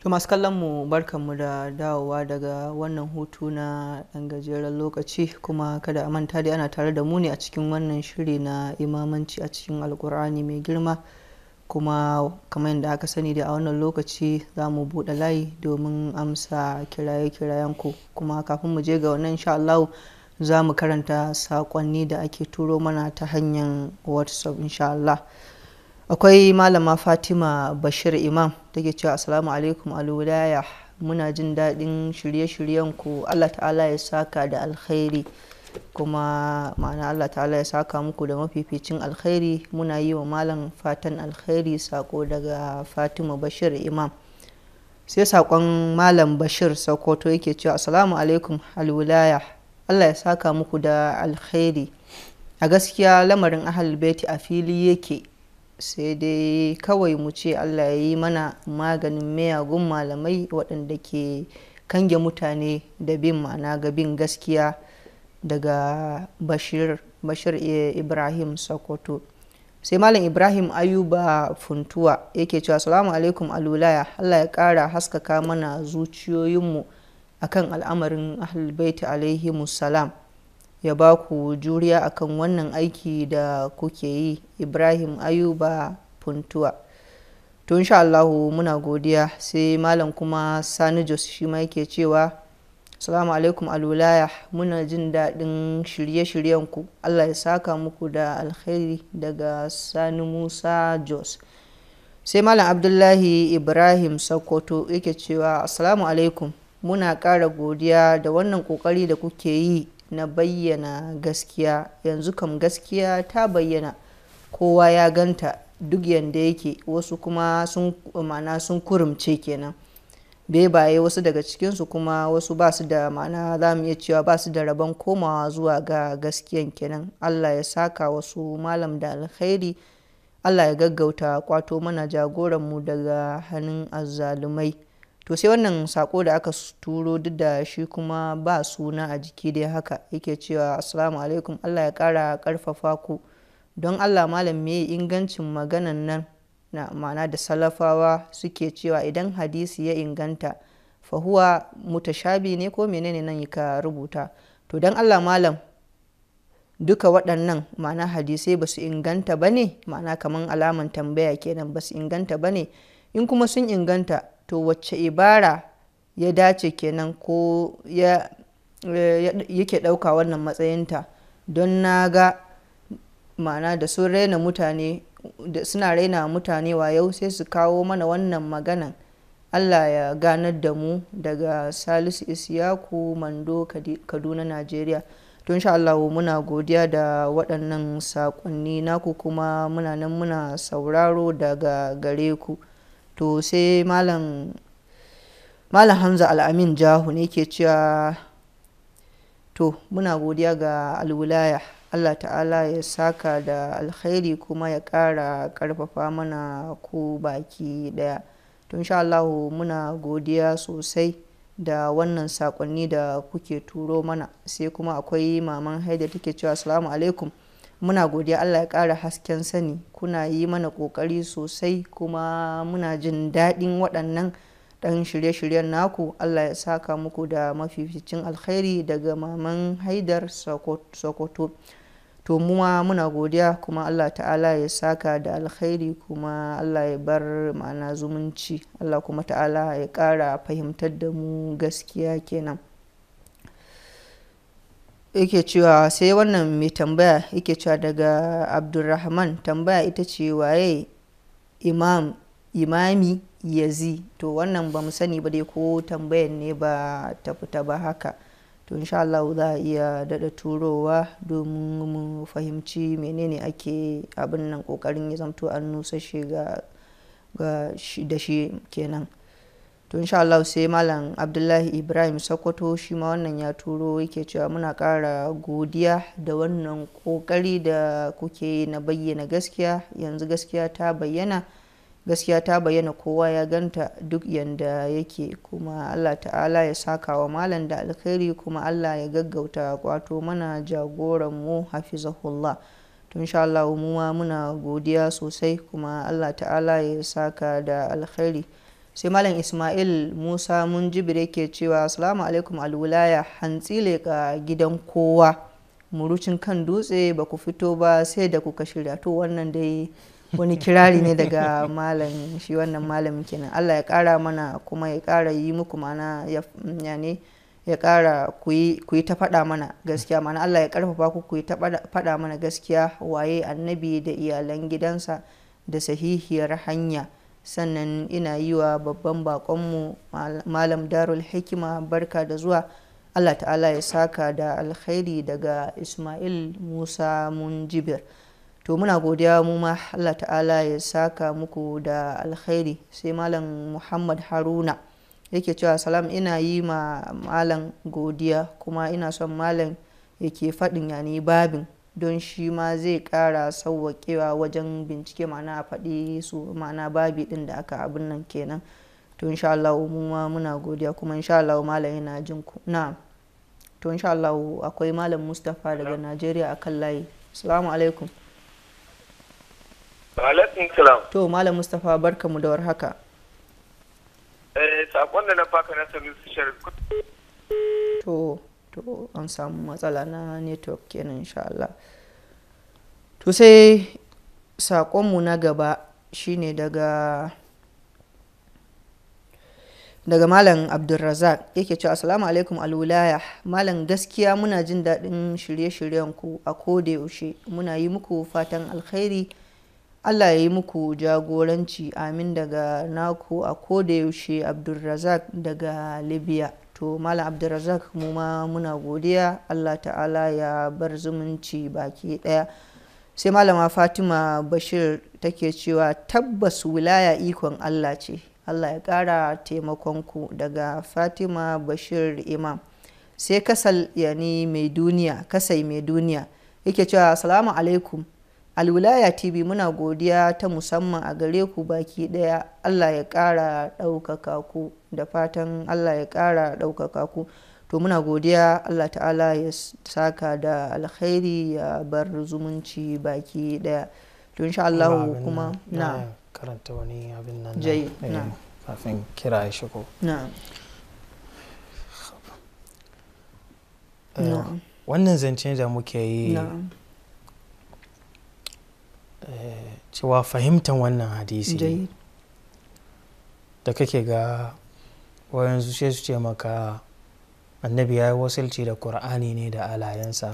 to masu kallon mu mu da dawowa daga wannan hutu na ɗan gajeren lokaci kuma kada a manta dai ana tare da mu ne a cikin wannan shiri na imamanci a cikin alkur'ani mai girma kuma kamar yadda aka sani da a wannan lokaci za mu buɗe layi domin amsa kiraye-kirayen ku kuma kafin mu je ga wannan insha za mu karanta saƙonni da ake turo mana ta hanyar whatsapp insha'Allah. akwai malama fatima bashir imam take ke cewa assalamu alaikum alwilaya muna jin daɗin shirye-shiryen ku allah ta'ala ya saka da alkhairi kuma ma'ana allah ta'ala ya saka muku da mafificin alkhairi muna yi wa malam fatan alkhairi sako daga fatima bashir imam sai sakon malam bashir sokoto yake cewa assalamu alaikum alwilaya allah ya saka muku da alkhairi a gaskiya lamarin ahal beti a fili yake sai dai kawai mu ce allah ya yi mana maganin mayagun malamai waɗanda ke kange mutane da bin ma'ana ga bin gaskiya daga bashir ibrahim sokoto sai malam ibrahim ayuba funtuwa yake cewa salamu alaikum alulaya allah ya kara haskaka mana zuciyoyinmu akan al'amarin ahlulbaiti alaihi salam ya ba ku juriya akan wannan aiki da kuke yi ibrahim ayuba puntuwa tun sha Allahu muna godiya sai malam kuma sani jos shi ma yake cewa salamu alaikum alulaya muna jin daɗin shirye-shiryen ku allah ya saka muku da alkhairi daga sani musa jos sai malam abdullahi ibrahim sokoto yake cewa assalamu alaikum muna ƙara godiya da wannan ƙoƙari da kuke yi na bayyana gaskiya yanzu kam gaskiya ta bayyana kowa ya ganta duk yanda yake wasu kuma sun ma'ana sun kurumce kenan bebaye wasu daga cikinsu kuma wasu ba su da ma'ana za mu iya cewa ba su da rabon komawa zuwa ga gaskiyan kenan allah ya saka wasu malam da alkhairi allah ya gaggauta kwato mana jagoranmu daga hannun azzalumai to sai wannan sako da aka turo duk da shi kuma ba suna a jiki dai haka yake cewa assalamu alaikum allah ya kara karfafa ku don allah malam me ingancin maganan nan na ma'ana da salafawa suke cewa idan hadisi ya inganta fahuwa mutashabi ne ko menene nan ka rubuta to don allah malam duka waɗannan ma'ana hadisai ba su inganta ba ne ma'ana kamar alaman tambaya kenan ba su inganta ba ne in kuma sun inganta to wacce ibara ya dace kenan ko yake ɗauka wannan matsayinta don na ga ma'ana da sun raina mutane da suna raina mutane yau sai su kawo mana wannan maganan allah ya ganar da mu daga salisu isiyaku mando kaduna nigeria to insha allahu muna godiya da waɗannan saƙonni naku kuma muna nan muna sauraro daga gare ku to sai malam malam hamza al'amin jahu ne ke cewa to muna godiya ga alwulaya allah ta'ala ya saka da alkhairi kuma ya kara karfafa mana ku baki ɗaya to sha'allahu allahu muna godiya sosai da wannan sakonni da kuke turo mana sai kuma akwai maman haida take cewa asalamu alaikum muna godiya allah ya ƙara hasken sani kuna yi mana ƙoƙari sosai kuma muna jin daɗin waɗannan ɗan shirye-shiryen naku allah ya saka muku da mafificin alkhairi daga maman haidar sokoto to muwa muna godiya kuma allah ta'ala ya saka da alkhairi kuma allah ya bar ma'ana zumunci allah kuma ta'ala ya ƙara fahimtar da mu gaskiya kenan yake cewa sai wannan mai tambaya yake cewa daga abdulrahman tambaya ita ce waye imam imami yazi to wannan ba mu sani ba dai ko tambayan ne ba ta fita ba haka to insha Allah za a iya dada turowa domin mu fahimci menene ake abin nan kokarin ya zamto an nusa shi ga da shi kenan to insha Allah sai malam abdullahi ibrahim sokoto shi ma wannan ya turo yake cewa muna ƙara godiya da wannan ƙoƙari da kuke na bayyana gaskiya yanzu gaskiya ta bayyana gaskiya ta bayyana kowa ya ganta duk yanda yake kuma allah ta'ala ya saka wa malam da alkhairi kuma allah ya gaggauta kwato mana jagoran mu hafizahullah tun sha Allah mu ma muna godiya sosai kuma allah ta'ala ya saka da alkhairi sai malam ismail musa mun jibire ke cewa assalamu alaikum alwulaya hantsi leƙa gidan kowa murucin kan dutse ba ku fito ba sai da kuka shirya to wannan dai wani kirari ne daga malam shi wannan malamin kenan allah ya kara mana kuma ya kara yi muku mana ya ne ya kara ku yi ta faɗa mana gaskiya mana allah ya karfafa ku ku yi ta faɗa mana gaskiya waye annabi da iyalan gidansa da sahihiyar hanya sannan ina yi wa babban bakonmu malam darul hikima barka da zuwa allah ta'ala ya saka da alkhairi daga ismail musa munjibir to muna godiya mu ma allah ta'ala ya saka muku da alkhairi sai malam muhammad haruna yake cewa salam ina yi ma malam godiya kuma ina son malam yake faɗin yani babin don shi ma zai kara sauwaƙewa wajen bincike mana a faɗi su ma'ana babi ɗin da aka abin nan kenan to insha Allah mu ma muna godiya kuma insha Allah malam yana jin ku na to insha Allah akwai malam Mustapha daga Najeriya kan layi assalamu alaikum alaikum salam to malam Mustapha barkamu da warhaka eh sakon da na faka na sanin su to to an samu matsala na network kenan insha Allah to sai saƙonmu na gaba shine daga daga malam abdulrazak yake cewa assalamu alaikum alwulaya malam gaskiya muna jin daɗin shirye-shiryen ku a koda yaushe muna yi muku fatan alkhairi allah ya yi muku jagoranci amin daga naku a koda yaushe abdulrazak daga libya to mala muma mu ma muna godiya allah ta'ala ya bar zumunci baki daya sai malama fatima bashir take cewa tabbas wilaya ikon allah ce allah ya kara taimakonku daga fatima bashir imam sai kasal yani mai duniya kasai mai duniya yake cewa salamu alaikum alwilaya tv muna godiya ta musamman a gare ku baki daya allah ya kara ɗaukaka ku da fatan allah ya ƙara ɗaukaka ku to muna godiya allah ta'ala ya saka da alkhairi ya bar zumunci baki daya to insha Allah kuma na karanta wani abin nan na eh, kafin kira ya shigo eh, wannan zance da muke yi eh, cewa fahimtar wannan hadisi da kake ga yanzu sai su ce maka annabi ya yi wasilci da qur'ani ne da alayensa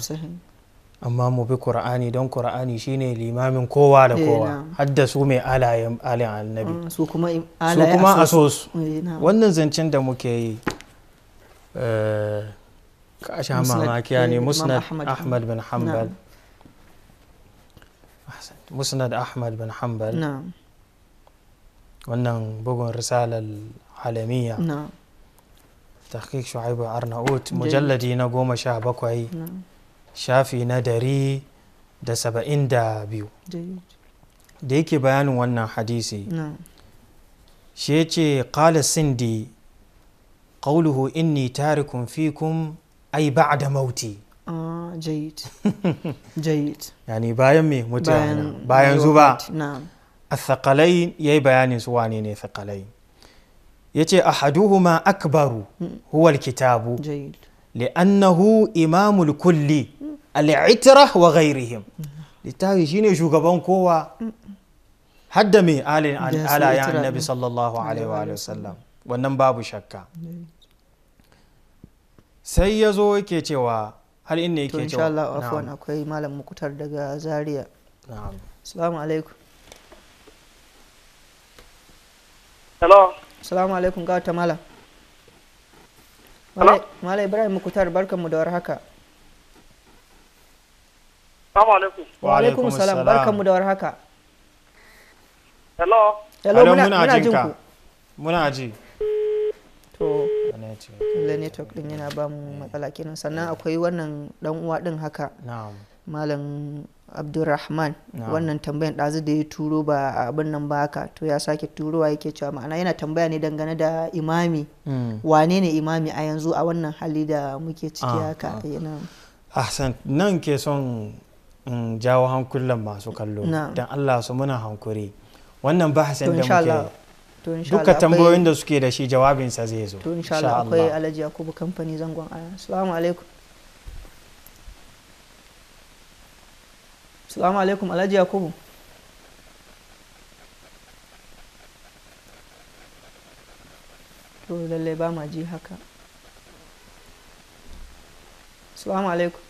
amma mu bi ƙur'ani don qur'ani shine limamin kowa da eh, kowa hadda su mai alayen alin annabi mm, su kuma a so su eh, wannan zancen da muke yi eh, ka sha ya ne musnad ahmad bin hanbal musnad ahmad bin hanbal wannan bugun risalar alamiya tahqiq shu'aibu arnaut mujalladi na goma sha bakwai shafi na dari da saba'in da biyu da yake bayanin wannan hadisi shi ya ce ƙala sindi ƙauluhu inni tarikun fikum ai ba da mauti jayid jayid yani bayan me mutuwa bayan zuba a thakalai ya yi bayanin su wane ne thakalai yace ahaduhuma akbaru huwal alkitabu li'annahu imamul kulli al'itra wa ghairihim littafi shine shugaban kowa hadda mai alayin annabi sallallahu alaihi wa sallam wannan babu shakka sai ya zo yake cewa har inda yake cewa to insha Allah afwan akwai malam mukutar daga zaria na'am assalamu alaikum hello salamu alaikum ga wata mala mala ibrahim mukutar barkan mu da war haka wa alaikum salam barkan mu da war haka hello hello muna jin ku muna ji to lalle network din yana ba mu matsala kenan sannan akwai wannan dan uwa din haka malam abdulrahman wannan tambayan ɗazu da ya turo ba abin nan ba haka to ya sake turowa yake cewa ma'ana yana tambaya ne dangane da imami hmm. wane ne imami a yanzu a wannan hali da muke ciki ah, haka yana ah. eh, ahsan nan ke son in jawo hankulan masu kallo don allah su muna hankuri wannan bahasin da muke duka tambayoyin da suke da shi jawabinsa zai zo to insha Allah akwai alhaji yakubu kamfani zangon aya assalamu alaikum salamu alaikum alhaji yakubu to lalle ba ma ji haka salamu alaikum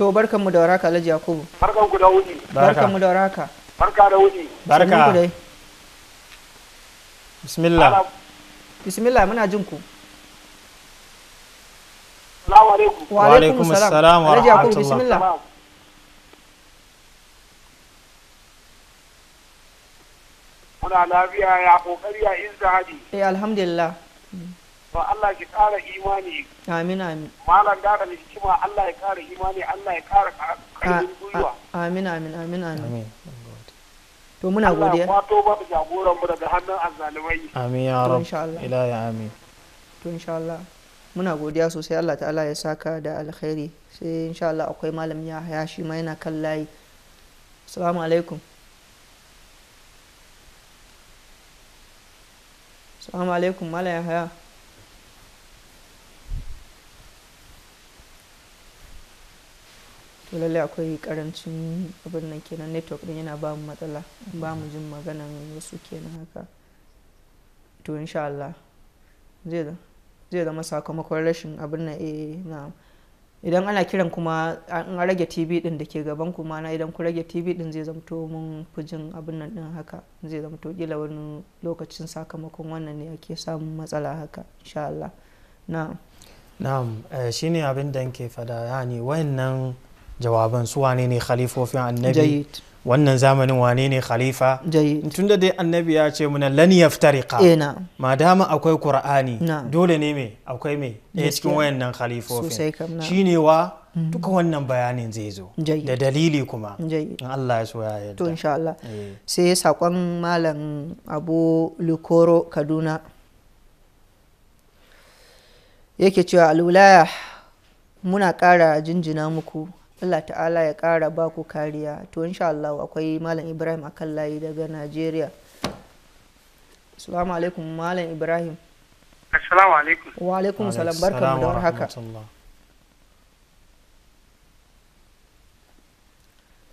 to mu da waraka alhaji yakubu barkanku da wuni mu da waraka barka da wuni barka bismillah bismillah muna jin ku wa alaikum assalam wa rahmatullah muna lafiya ya kokari ya in zahadi eh alhamdulillah ba Allah ki kara imani amin amin malam da da hikima Allah ya kara imani Allah ya kara karfin gwiwa amin amin amin amin to muna godiya Allah kwato ba jagoran mu daga hannun azzalumai amin ya rabb ila ya amin to insha Allah muna godiya sosai allah ta'ala ya saka da alkhairi sai insha allah akwai malam ya haya shi ma yana kan layi assalamu alaikum assalamu alaikum malam ya haya to lallai akwai karancin abin nan kenan network din yana bamu matsala ba mu jin maganan wasu kenan haka to insha Allah zai zai zai zama sakamakon rashin abin na eh na idan ana kiran kuma an rage tv din da ke gaban kuma na idan ku rage tv din zai zamto mun fujin abin nan din haka zai zamto kila wani lokacin sakamakon wannan ne ake samun matsala haka insha Allah na. na'am eh, shi ne abin da nke fada yani wayannan jawaban su wane ne khalifofin annabi wannan zamanin wane ne khalifa tunda dai annabi ya ce muna lan yaftariqa eh, ma dama akwai qur'ani dole ne me akwai me ɗaya cikin wayannan khalifofin ne wa mm-hmm. duka wannan bayanin zai zo da dalili kuma in Allah ya so ya to insha Allah eh. sai sakon malam Abu Lukoro Kaduna yake cewa Al'ulaya muna ƙara jinjina muku Allah ta'ala ya ƙara ba ku kariya to insha Allah akwai malam Ibrahim a kan layi daga Najeriya Assalamu alaikum malam Ibrahim Assalamu alaikum Wa alaikum salam barkamu da haka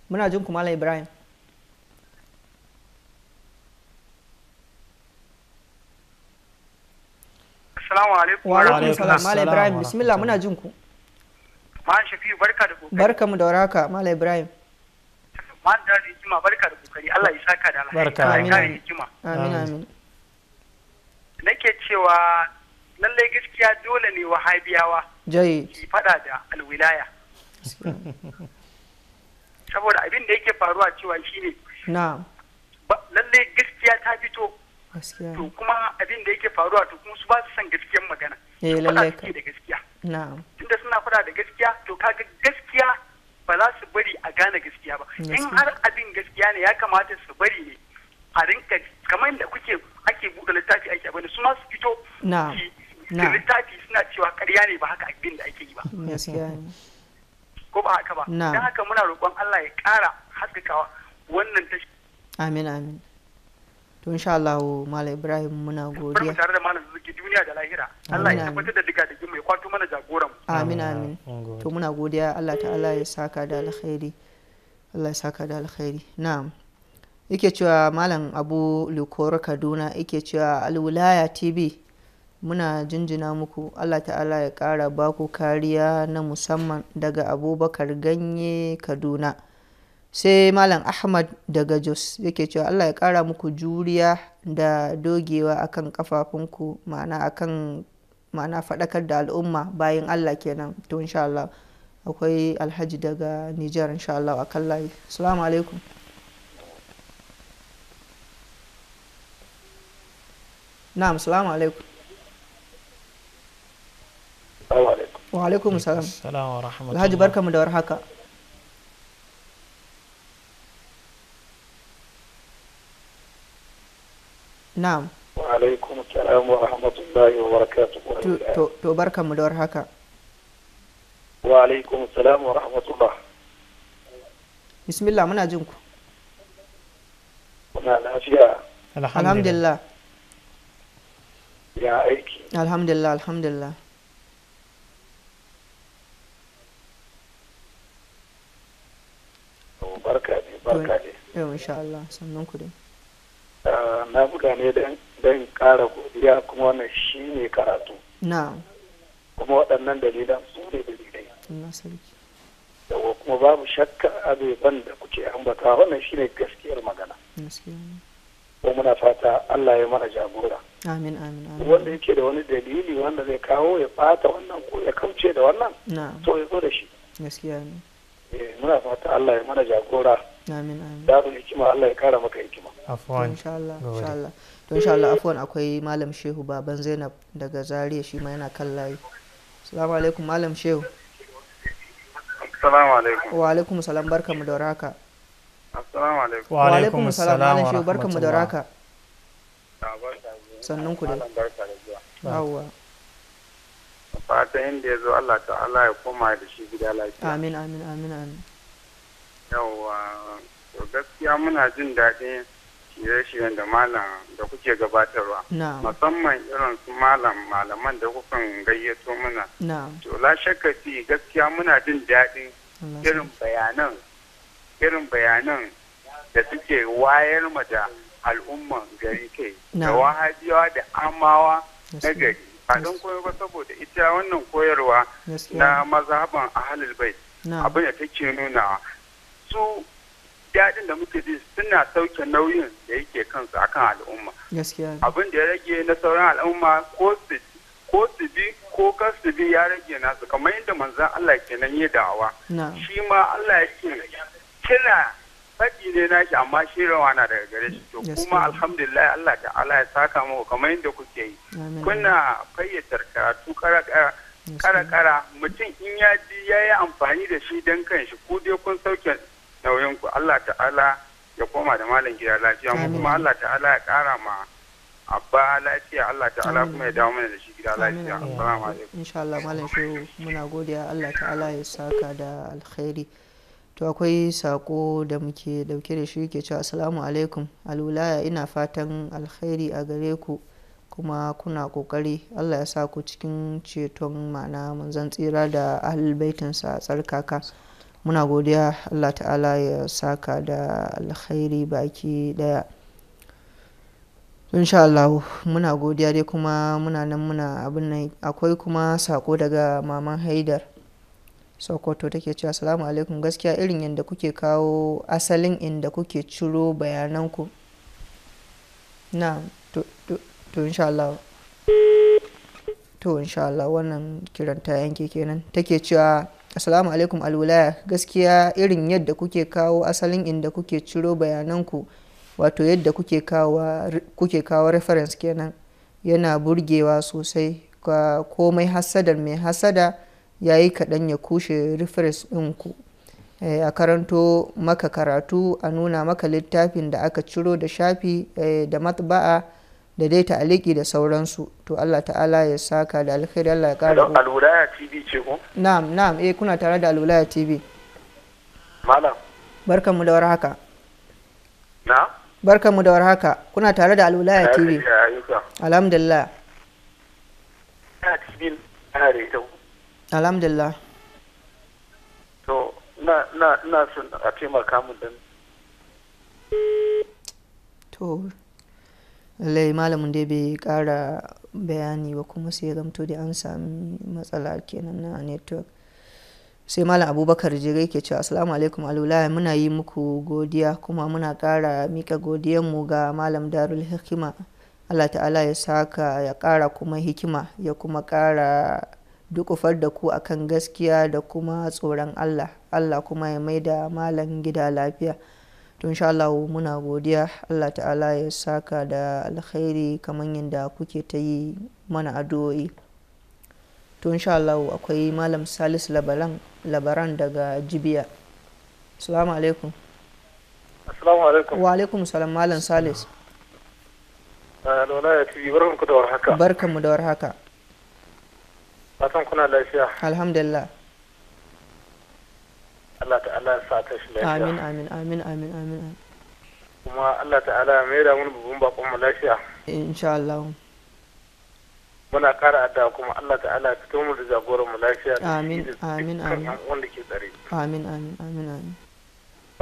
Muna jin ku malam Ibrahim Assalamu alaikum Wa alaikum salam malam Ibrahim bismillah muna jin ku Malam Shafi'u barka da kokari. Barka mu da Ibrahim. barka da kokari Allah ya da Barka amin. Amin amin. Nake cewa lallai gaskiya dole ne wahabiyawa. Jai. Ki fada da alwilaya. Saboda abin da yake faruwa cewa shine. Na. Lallai gaskiya ta fito. Gaskiya. To kuma eh, gaskiya. kuna da gaskiya to kaga gaskiya ba za su bari a gane gaskiya ba in har abin gaskiya ne ya kamata su bari ne a rinka kamar da kuke ake buɗe littafi ake abin su ma su fito na littafi suna cewa ƙarya ne ba haka abin da ake yi ba ko ba haka ba don haka muna roƙon Allah ya ƙara haskakawa wannan tashi amin amin to insha Allah Malam Ibrahim muna godiya tare da Malam Zuki duniya da lahira Allah ya tabbatar da diga digin mai kwato mana jagoran amin amin to muna godiya Allah ta Allah ya saka da alkhairi Allah ya saka da alkhairi na'am yake cewa malam abu lukor kaduna yake cewa alwilaya tv muna jinjina muku allah ta'ala ya kara baku kariya na musamman daga abubakar ganye kaduna sai malam ahmad daga jos yake cewa allah ya kara muku juriya da dogewa akan kafafunku ma'ana akan ma'ana faɗakar da al'umma bayan allah kenan to insha allah akwai alhaji daga nijar insha allah a kan layi assalamu alaikum na'am assalamu alaikum wa alaikum salam alhaji barkamu da warhaka haka na'am wa alaikum salam wa rahmatullahi wa barakatuh to barka mu da haka. wa alaikum salam wa rahmatullah bismillah muna jin ku kuna lafiya alhamdulillah ya aiki alhamdulillah alhamdulillah barka ne barka ne yau insha Allah sannan ku dai na buga ne don ƙara godiya kuma wannan shi ne karatu kuma waɗannan dalilan su ne dalilai yawa kuma babu shakka ban da kuke ambata wannan shi ne gaskiyar magana ko muna fata Allah ya mana jagora amin amin wanda yake da wani dalili wanda zai kawo ya fata wannan ko ya kauce da wannan to ya zo da shi gaskiya ne eh, muna fata Allah ya mana jagora amin amin darul Allah ya kara maka hikima afwan insha Allah insha Allah insha Allah afwan akwai malam Shehu baban Zainab daga Zaria shi ma yana kan layi assalamu alaikum malam Shehu assalamu alaikum wa alaikum salam barkamu da warhaka assalamu alaikum wa alaikum salam malam Shehu barkamu da warhaka sannun ku dai yawwa fatan inda ya zo Allah ta'ala ya koma da shi gida lafiya amin amin amin amin yawwa to gaskiya muna jin daɗin shirye-shiryen da malam da kuke gabatarwa musamman irin su malam malaman da kukan gayyato muna to la shakka fi gaskiya muna jin daɗin irin bayanan irin bayanan da suke wayar ma da al'umman gari kai da wahajiyawa da amawa na gari a don koyarwa saboda ita wannan koyarwa na mazhaban ahalul bai abin da take nunawa su daɗin da muke ji suna sauke nauyin da yake kansu akan al'umma abin da ya rage na sauran al'umma ko su bi ko kar su bi ya rage nasu kamar yadda manzan Allah ke nan yi da'awa shi ma Allah yake kina faɗi ne na shi amma shi rawa na daga gare shi to kuma alhamdulillah Allah ta'ala ya saka muku kamar yadda kuke yi kuna fayyatar karatu kara kara mutum in ya ji ya yi amfani da shi don kanshi ku dai kun sauke nauyin ku Allah ta'ala ya koma da malam gida lafiya mu kuma Allah ta'ala ya kara ma abba lafiya Allah ta'ala kuma ya dawo mana da shi gida lafiya assalamu alaikum insha Allah malam shehu muna godiya Allah ta'ala ya saka da alkhairi to akwai sako da muke dauke da shi ke cewa assalamu alaikum alwilaya ina fatan alkhairi a gare ku kuma kuna kokari allah ya sa ku cikin ceton ma'ana manzan tsira da ahalbaitinsa a tsarkaka muna godiya allah ta'ala ya saka da alkhairi baki daya insha Allah muna godiya dai kuma muna nan muna abin nan akwai kuma sako daga maman haidar sokoto take cewa assalamu alaikum gaskiya irin yadda kuke kawo asalin inda kuke ciro bayananku na to, insha Allah to insha Allah wannan kiranta ta yanke kenan take cewa assalamu alaikum alwilaya gaskiya irin yadda kuke kawo asalin inda kuke ciro bayananku wato yadda kuke kawo reference kenan yana burgewa sosai ka komai hasadar mai hasada ya yi kaɗan ya kushe reference ɗinku eh, a karanto maka karatu a nuna maka littafin da aka ciro da shafi eh, da matba'a da dai ta'aliki da sauransu to Allah ta'ala ya saka da alkhairi Allah ya kara ku Alulaya tv ce ko na'am na'am eh kuna tare da Alulaya tv malam barkanmu da warhaka na'am barkanmu da warhaka kuna tare da Alulaya tv alhamdulillah alhamdulillah to na na na son a taimaka mu dan to lallai malamin dai bai kara bayani ba kuma sai ya zamto da an sami matsala kenan na network sai malam abubakar jirai ke cewa asalamu alaikum alulahi muna yi muku godiya kuma muna kara mika mu ga malam darul hikima allah ta'ala ya saka ya kara kuma hikima ya kuma kara dukufar da ku akan gaskiya da kuma tsoron allah allah kuma ya maida malam gida lafiya tun insha Allah muna godiya Allah ta'ala ya saka da alkhairi kamar yadda kuke ta yi mana addu'o'i to insha Allah akwai malam salis labaran daga jibiya salamu alaikum wa alaikum salam malam salis. Eh, barkanmu da warhaka fatan kuna lafiya alhamdulillah Allah ta'ala ya sa ta shi lafiya amin amin amin amin amin kuma Allah ta'ala ya maida mun babban bakon mu lafiya insha Allah muna kara adda kuma Allah ta'ala ya fito mu da jagoran mu lafiya amin amin amin wanda ke tsare amin amin amin amin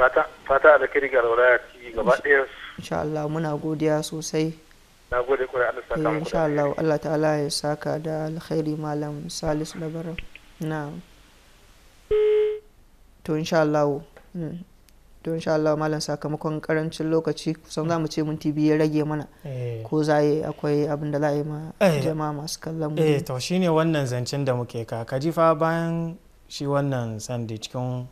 fata fata da kiri ga rauraya ci gaba ɗaya insha Allah muna godiya sosai na gode kure Allah saka eh, mu insha Allah Allah ta'ala ya saka da alkhairi malam Salisu Labaran na'am to insha Allah hmm. to malam sakamakon karancin lokaci kusan za mu ce minti biyu rage mana eh. ko za yi akwai abin da za yi ma eh. jama'a masu kallon mu eh to shine wannan zancen da muke ka kaji fa bayan shi wannan sande cikin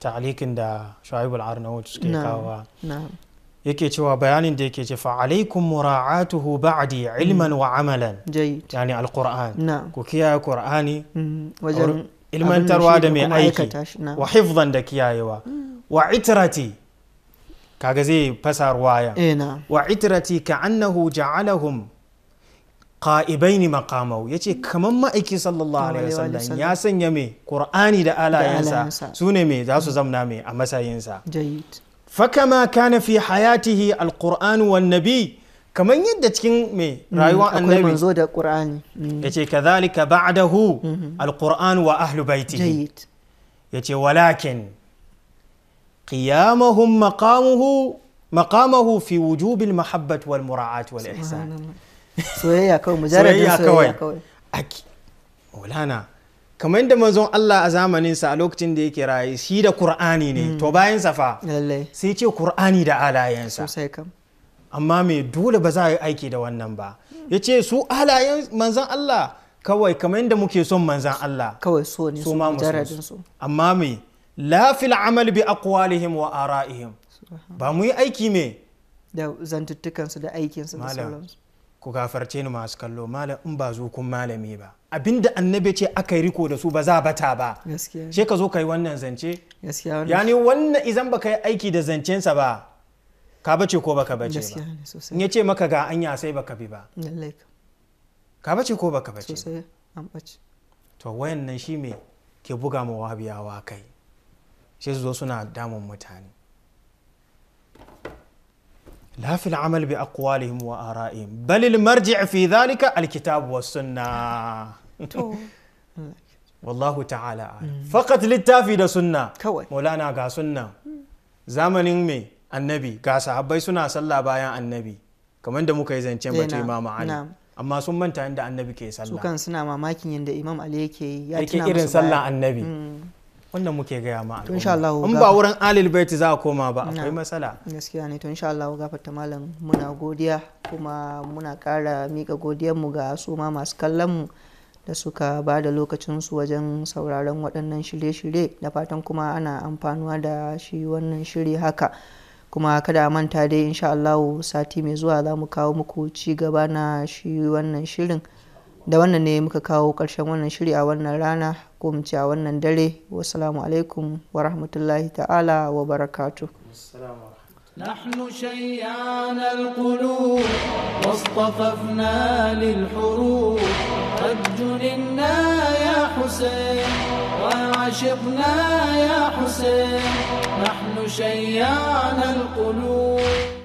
ta'alikin da Shu'aibul Arnaut suke kawo yake cewa bayanin da yake ce fa alaikum mura'atuhu ba'di ilman wa amalan jayyid yani alquran ku kiyaye qur'ani hmm. wajen ilmantarwa da mai aiki wa hifzan da kiyayewa wa itirati kaga zai fasa waya eh, wa itirati ka annahu ja'alahum makamau maqamau yace kaman ma'aiki sallallahu alaihi wasallam ya sanya mai qur'ani da alayansa sune mai za su zamna mai a matsayinsa kama kana fi hayatihi alqur'an wan nabi kamar yadda cikin mai mm, rayuwa annabi Akwai manzo da qur'ani mm. yace kadhalika ba'dahu mm-hmm. alquran wa ahlu baitihi yace walakin qiyamahum maqamuhu maqamuhu fi wujub almahabbat wal walihsan soyayya kawai mujarrad soyayya kawai aki maulana kamar yadda manzon Allah a zamanin sa a lokacin da yake raye shi da qur'ani ne mm. to bayan safa sai ce qur'ani da alayansa sosai kam amma mai dole ba za a yi aiki da wannan ba ya ce su halayen manzan Allah kawai kamar yadda muke son manzan Allah kawai so ne su ma su amma mai lafil amal bi aqwalihim wa ara'ihim ba mu yi aiki me da zantuttukansu da aikinsu da sauransu ku gafarce ni masu kallo malam in ba zo kun malami ba abinda annabi ce aka yi riko da su ba za bata ba she ka zo ka yi wannan zance yani wannan izan baka yi aiki da zancensa ba ka bace ko baka bace ba in ya ce maka ga anya sai baka bi ba ka bace ko baka bace to wayan nan shi me ke buga ma wahabiyawa kai sai zo suna damun mutane lafi amal bi aqwalihim wa ara'ihim bal al marji' fi dhalika al kitab wa sunna wallahu ta'ala mm. faqat littafi da sunna kawai maulana ga sunna zamanin me annabi ga sahabbai suna sallah bayan annabi kamar da muka yi zancen batu imamu ali amma sun manta yadda annabi ke sallah su kan suna mamakin yadda imam ali yake yi ya tuna irin sallah annabi hmm. wannan muke gaya ma to in ba wurin alil baiti za a koma ba akwai matsala gaskiya ne to insha Allah gafarta malam muna godiya kuma muna kara mika godiyar mu ga su ma masu kallon mu da suka ba da lokacinsu wajen sauraron waɗannan shirye-shirye da fatan kuma ana amfanuwa da shi wannan shiri haka kuma kada a manta dai insha Allah sati mai zuwa za mu kawo muku ci gaba na shi wannan shirin da wannan ne muka kawo ƙarshen wannan shiri a wannan rana ko mu ci a wannan dare wasalamu alaikum wa rahmatullahi ta'ala wa barakatu نحن شيعان القلوب واصطففنا للحروب قد جننا يا حسين عاشقنا يا حسين نحن شيان القلوب